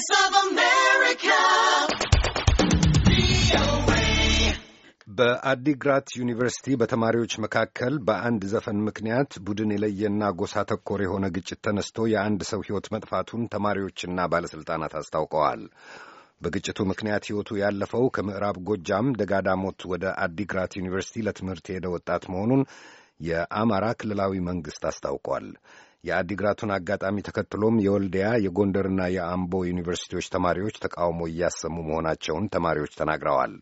Voice of America. በአዲግራት ዩኒቨርሲቲ በተማሪዎች መካከል በአንድ ዘፈን ምክንያት ቡድን የለየና ጎሳ ተኮር የሆነ ግጭት ተነስቶ የአንድ ሰው ሕይወት መጥፋቱን ተማሪዎችና ባለሥልጣናት አስታውቀዋል። በግጭቱ ምክንያት ሕይወቱ ያለፈው ከምዕራብ ጎጃም ደጋዳሞት ወደ አዲግራት ዩኒቨርሲቲ ለትምህርት የሄደ ወጣት መሆኑን የአማራ ክልላዊ መንግሥት አስታውቋል። የአዲግራቱን አጋጣሚ ተከትሎም የወልዲያ የጎንደርና የአምቦ ዩኒቨርሲቲዎች ተማሪዎች ተቃውሞ እያሰሙ መሆናቸውን ተማሪዎች ተናግረዋል።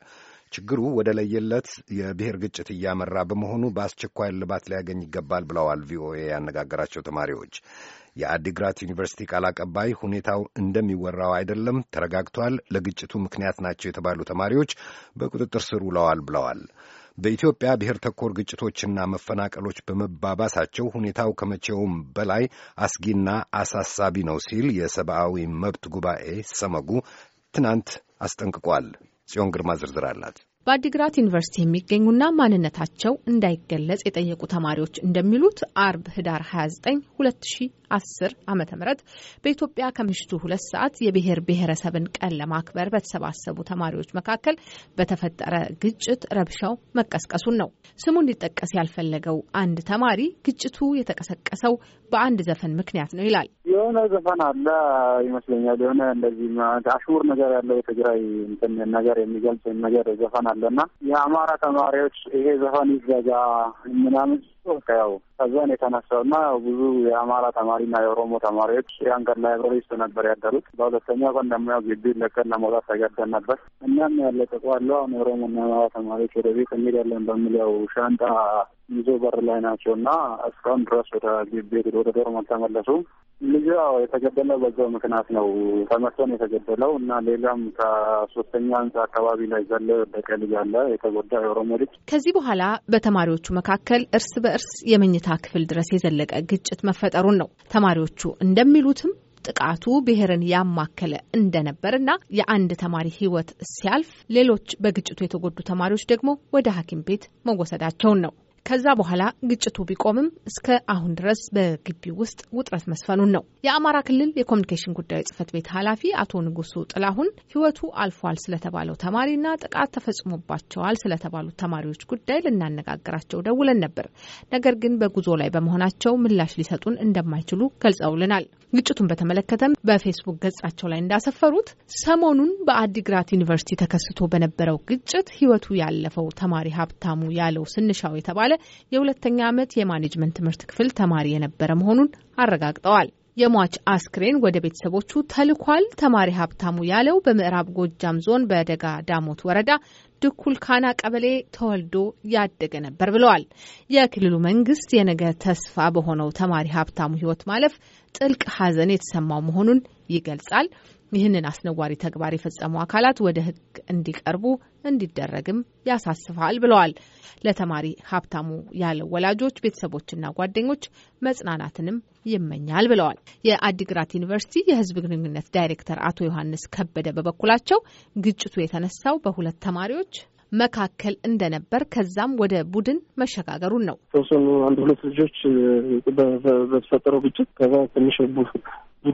ችግሩ ወደ ለየለት የብሔር ግጭት እያመራ በመሆኑ በአስቸኳይ እልባት ሊያገኝ ይገባል ብለዋል ቪኦኤ ያነጋገራቸው ተማሪዎች። የአዲግራት ዩኒቨርሲቲ ቃል አቀባይ ሁኔታው እንደሚወራው አይደለም፣ ተረጋግቷል፣ ለግጭቱ ምክንያት ናቸው የተባሉ ተማሪዎች በቁጥጥር ስር ውለዋል ብለዋል። በኢትዮጵያ ብሔር ተኮር ግጭቶችና መፈናቀሎች በመባባሳቸው ሁኔታው ከመቼውም በላይ አስጊና አሳሳቢ ነው ሲል የሰብአዊ መብት ጉባኤ ሰመጉ ትናንት አስጠንቅቋል። ጽዮን ግርማ ዝርዝር አላት። በአዲግራት ዩኒቨርሲቲ የሚገኙና ማንነታቸው እንዳይገለጽ የጠየቁ ተማሪዎች እንደሚሉት አርብ ህዳር 29 2010 ዓ ም በኢትዮጵያ ከምሽቱ ሁለት ሰዓት የብሔር ብሔረሰብን ቀን ለማክበር በተሰባሰቡ ተማሪዎች መካከል በተፈጠረ ግጭት ረብሻው መቀስቀሱን ነው። ስሙ እንዲጠቀስ ያልፈለገው አንድ ተማሪ ግጭቱ የተቀሰቀሰው በአንድ ዘፈን ምክንያት ነው ይላል። የሆነ ዘፈን አለ ይመስለኛል። የሆነ እንደዚህ አሽሙር ነገር ያለው የትግራይ እንትን ነገር የሚገልጽ ነገር ዘፈን አለ እና የአማራ ተማሪዎች ይሄ ዘፈን ይዘጋ ምናምን ያው ከዛን የተነሳው እና ብዙ የአማራ ተማሪና የኦሮሞ ተማሪዎች የአንገር ቀን ላይብረሪ ውስጥ ነበር ያደሩት። በሁለተኛ ቀን ደግሞ ያው ግቢ ለቀን ለመውጣት ተገደን ነበር። እኛም ያለቀቁ አለው አሁን ኦሮሞና የአማራ ተማሪዎች ወደ ቤት እንሄዳለን በሚል ያው ሻንጣ ይዞ በር ላይ ናቸው እና እስካሁን ድረስ ወደ ቤት ወደ ዶርም አልተመለሱም። ልጁ የተገደለው በዛው ምክንያት ነው። ተመቶ የተገደለው እና ሌላም ከሶስተኛ ህንፃ አካባቢ ላይ ዘለ ወደቀ ልጅ አለ የተጎዳ የኦሮሞ ልጅ። ከዚህ በኋላ በተማሪዎቹ መካከል እርስ በእርስ የመኝታ ክፍል ድረስ የዘለቀ ግጭት መፈጠሩን ነው ተማሪዎቹ እንደሚሉትም ጥቃቱ ብሔርን ያማከለ እንደነበርና የአንድ ተማሪ ህይወት ሲያልፍ ሌሎች በግጭቱ የተጎዱ ተማሪዎች ደግሞ ወደ ሐኪም ቤት መወሰዳቸውን ነው ከዛ በኋላ ግጭቱ ቢቆምም እስከ አሁን ድረስ በግቢ ውስጥ ውጥረት መስፈኑን ነው። የአማራ ክልል የኮሚኒኬሽን ጉዳዮች ጽህፈት ቤት ኃላፊ አቶ ንጉሱ ጥላሁን ህይወቱ አልፏል ስለተባለው ተማሪና ጥቃት ተፈጽሞባቸዋል ስለተባሉ ተማሪዎች ጉዳይ ልናነጋግራቸው ደውለን ነበር። ነገር ግን በጉዞ ላይ በመሆናቸው ምላሽ ሊሰጡን እንደማይችሉ ገልጸውልናል። ግጭቱን በተመለከተም በፌስቡክ ገጻቸው ላይ እንዳሰፈሩት ሰሞኑን በአዲግራት ዩኒቨርሲቲ ተከስቶ በነበረው ግጭት ህይወቱ ያለፈው ተማሪ ሀብታሙ ያለው ስንሻው የተባለ የሁለተኛ ዓመት የማኔጅመንት ትምህርት ክፍል ተማሪ የነበረ መሆኑን አረጋግጠዋል። የሟች አስክሬን ወደ ቤተሰቦቹ ተልኳል። ተማሪ ሀብታሙ ያለው በምዕራብ ጎጃም ዞን በደጋ ዳሞት ወረዳ ድኩል ካና ቀበሌ ተወልዶ ያደገ ነበር ብለዋል። የክልሉ መንግስት የነገ ተስፋ በሆነው ተማሪ ሀብታሙ ሕይወት ማለፍ ጥልቅ ሐዘን የተሰማው መሆኑን ይገልጻል። ይህንን አስነዋሪ ተግባር የፈጸሙ አካላት ወደ ሕግ እንዲቀርቡ እንዲደረግም ያሳስፋል ብለዋል። ለተማሪ ሀብታሙ ያለው ወላጆች፣ ቤተሰቦችና ጓደኞች መጽናናትንም ይመኛል ብለዋል። የአዲግራት ዩኒቨርሲቲ የህዝብ ግንኙነት ዳይሬክተር አቶ ዮሐንስ ከበደ በበኩላቸው ግጭቱ የተነሳው በሁለት ተማሪዎች መካከል እንደነበር ከዛም ወደ ቡድን መሸጋገሩን ነው። ተወሰኑ አንድ ሁለት ልጆች በተፈጠረው ግጭት ከዛ ትንሽ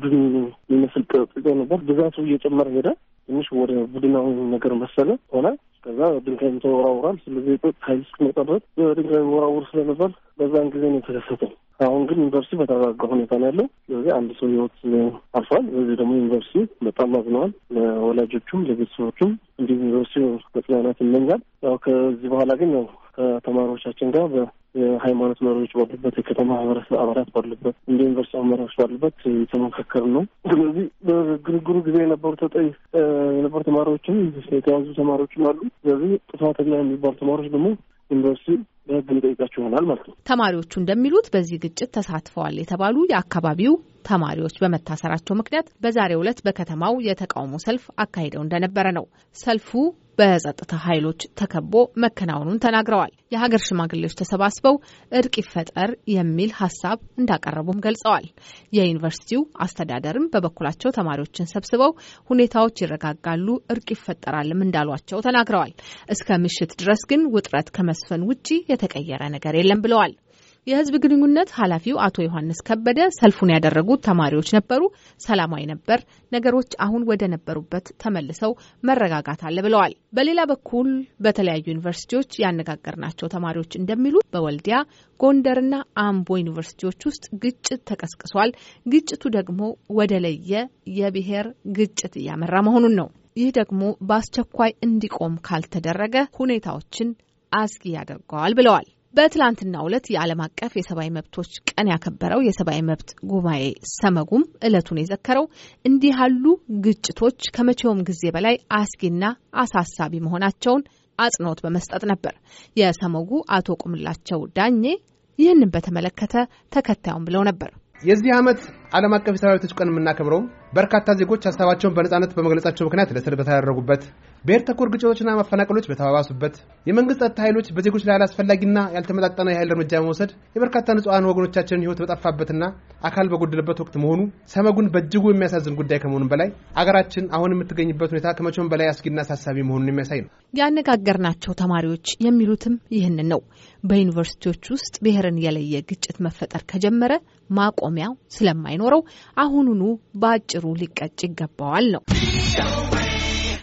ቡድን የሚመስል ቅርጽ ነበር። ብዛቱ እየጨመረ ሄደ። ትንሽ ወደ ቡድናዊ ነገር መሰለ ሆነ። ከዛ ድንጋይም ተወራውራል። ስለዚህ ጦጥ ኃይል እስክመጣ ድረስ ወራውር ስለነበር በዛን ጊዜ ነው የተከሰተው። አሁን ግን ዩኒቨርሲቲ በተረጋጋ ሁኔታ ነው ያለው። ስለዚህ አንድ ሰው ህይወት አልፏል። በዚህ ደግሞ ዩኒቨርሲቲ በጣም አዝነዋል። ለወላጆቹም ለቤተሰቦቹም፣ እንዲሁም ዩኒቨርሲቲ መጽናናት ይመኛል። ያው ከዚህ በኋላ ግን ያው ከተማሪዎቻችን ጋር የሃይማኖት መሪዎች ባሉበት፣ የከተማ ማህበረሰብ አባላት ባሉበት፣ እንደ ዩኒቨርስቲ አመራሮች ባሉበት የተመካከር ነው። ስለዚህ በግርግሩ ጊዜ የነበሩ ተጠይ የነበሩ ተማሪዎችም የተያዙ ተማሪዎችም አሉ። ስለዚህ ጥፋተኛ የሚባሉ ተማሪዎች ደግሞ ዩኒቨርሲቲ በህግ ሊጠይቃቸው ይሆናል ማለት ነው። ተማሪዎቹ እንደሚሉት በዚህ ግጭት ተሳትፈዋል የተባሉ የአካባቢው ተማሪዎች በመታሰራቸው ምክንያት በዛሬው ዕለት በከተማው የተቃውሞ ሰልፍ አካሂደው እንደነበረ ነው። ሰልፉ በጸጥታ ኃይሎች ተከቦ መከናወኑን ተናግረዋል። የሀገር ሽማግሌዎች ተሰባስበው እርቅ ይፈጠር የሚል ሀሳብ እንዳቀረቡም ገልጸዋል። የዩኒቨርሲቲው አስተዳደርም በበኩላቸው ተማሪዎችን ሰብስበው ሁኔታዎች ይረጋጋሉ፣ እርቅ ይፈጠራልም እንዳሏቸው ተናግረዋል። እስከ ምሽት ድረስ ግን ውጥረት ከመስፈን ውጪ የተቀየረ ነገር የለም ብለዋል። የህዝብ ግንኙነት ኃላፊው አቶ ዮሐንስ ከበደ ሰልፉን ያደረጉት ተማሪዎች ነበሩ፣ ሰላማዊ ነበር። ነገሮች አሁን ወደ ነበሩበት ተመልሰው መረጋጋት አለ ብለዋል። በሌላ በኩል በተለያዩ ዩኒቨርሲቲዎች ያነጋገርናቸው ተማሪዎች እንደሚሉት በወልዲያ ጎንደርና አምቦ ዩኒቨርሲቲዎች ውስጥ ግጭት ተቀስቅሷል። ግጭቱ ደግሞ ወደ ለየ የብሔር ግጭት እያመራ መሆኑን ነው። ይህ ደግሞ በአስቸኳይ እንዲቆም ካልተደረገ ሁኔታዎችን አስጊ ያደርገዋል ብለዋል። በትላንትናው ዕለት የዓለም አቀፍ የሰብአዊ መብቶች ቀን ያከበረው የሰብአዊ መብት ጉባኤ ሰመጉም ዕለቱን የዘከረው እንዲህ ያሉ ግጭቶች ከመቼውም ጊዜ በላይ አስጊና አሳሳቢ መሆናቸውን አጽንኦት በመስጠት ነበር። የሰመጉ አቶ ቁምላቸው ዳኜ ይህንን በተመለከተ ተከታዩን ብለው ነበር። የዚህ ዓመት ዓለም አቀፍ የሰብአዊ መብቶች ቀን የምናከብረውም በርካታ ዜጎች ሀሳባቸውን በነፃነት በመግለጻቸው ምክንያት ለእስር በተዳረጉበት ብሔር ተኮር ግጭቶችና መፈናቀሎች በተባባሱበት የመንግስት ጸጥታ ኃይሎች በዜጎች ላይ አላስፈላጊና ያልተመጣጠነ የኃይል እርምጃ በመውሰድ የበርካታ ንጹሐን ወገኖቻችንን ህይወት በጠፋበትና አካል በጎደለበት ወቅት መሆኑ ሰመጉን በእጅጉ የሚያሳዝን ጉዳይ ከመሆኑም በላይ አገራችን አሁን የምትገኝበት ሁኔታ ከመቼውም በላይ አስጊና አሳሳቢ መሆኑን የሚያሳይ ነው። ያነጋገርናቸው ተማሪዎች የሚሉትም ይህንን ነው። በዩኒቨርሲቲዎች ውስጥ ብሔርን የለየ ግጭት መፈጠር ከጀመረ ማቆሚያው ስለማይኖረው አሁኑኑ በአጭሩ ሊቀጭ ይገባዋል ነው።